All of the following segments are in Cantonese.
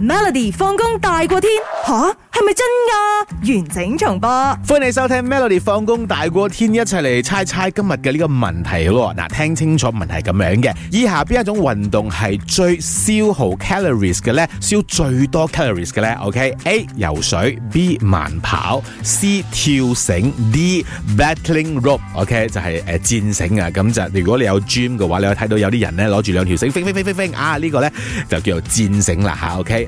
Melody 放工大過天吓，係咪真噶？完整重播，歡迎你收聽 Melody 放工大過天，一齊嚟猜猜今日嘅呢個問題咯。嗱，聽清楚，問題係咁樣嘅，以下邊一種運動係最消耗 calories 嘅咧，燒最多 calories 嘅咧？OK，A 游水，B 慢跑，C 跳繩，D battling rope。OK，就係誒戰繩啊。咁就如果你有 gym 嘅話，你可以睇到有啲人咧攞住兩條繩，飛飛飛飛飛啊！這個、呢個咧就叫做戰繩啦吓、啊。OK。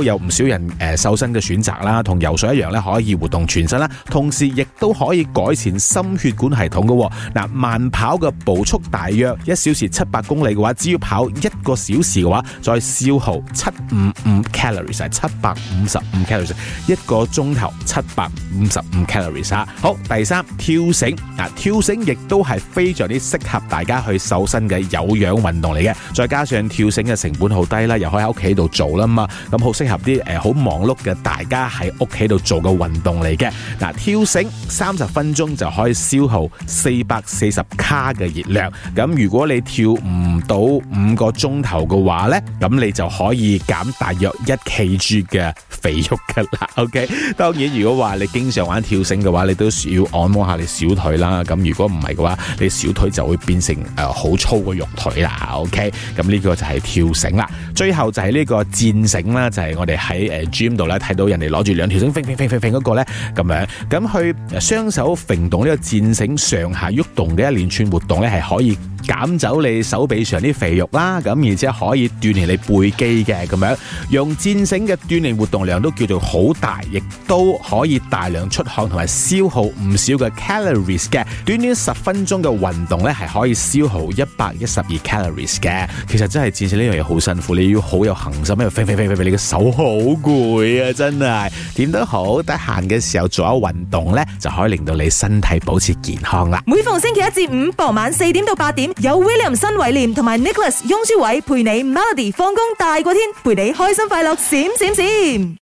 有唔少人誒瘦身嘅選擇啦，同游水一樣咧，可以活動全身啦，同時亦都可以改善心血管系統嘅。嗱，慢跑嘅步速大約一小時七百公里嘅話，只要跑一個小時嘅話，再消耗七五五 calories，係七百五十五 calories，一個鐘頭七百五十五 calories 啊。好，第三跳繩啊，跳繩亦都係非常之適合大家去瘦身嘅有氧運動嚟嘅，再加上跳繩嘅成本好低啦，又可以喺屋企度做啦嘛，咁好適。及啲誒好忙碌嘅，大家喺屋企度做嘅運動嚟嘅。嗱，跳繩三十分鐘就可以消耗四百四十卡嘅熱量。咁如果你跳唔到五個鐘頭嘅話咧，咁你就可以減大約一 Kg 嘅肥肉噶啦，OK。當然，如果話你經常玩跳繩嘅話，你都需要按摩下你小腿啦。咁如果唔係嘅話，你小腿就會變成誒好、呃、粗嘅肉腿啦。OK。咁呢個就係跳繩啦。最後就係呢個戰繩啦，就係、係、我哋喺誒 gym 度咧睇到人哋攞住兩條繩，揈揈嗰個咧咁樣咁去雙手揈動呢個戰繩上下喐動嘅一連串活動呢，係可以，減走你手臂上啲肥肉啦，咁而且可以鍛煉你背肌嘅咁樣，用戰繩嘅鍛煉活動量都叫做好大，亦都可以大量出汗同埋消耗唔少嘅 calories 嘅。短短十分鐘嘅運動呢，係可以消耗一百一十二 calories 嘅。其實真係戰繩呢樣嘢好辛苦，你要好有恆心，因為飛飛飛你嘅手好攰啊，真係。點都好，得閒嘅時候做下運動呢，就可以令到你身體保持健康啦。每逢星期一至五傍晚四點到八點。有 William 新偉廉同埋 Nicholas 雍舒偉陪你 Melody 放工大過天，陪你開心快樂閃閃閃。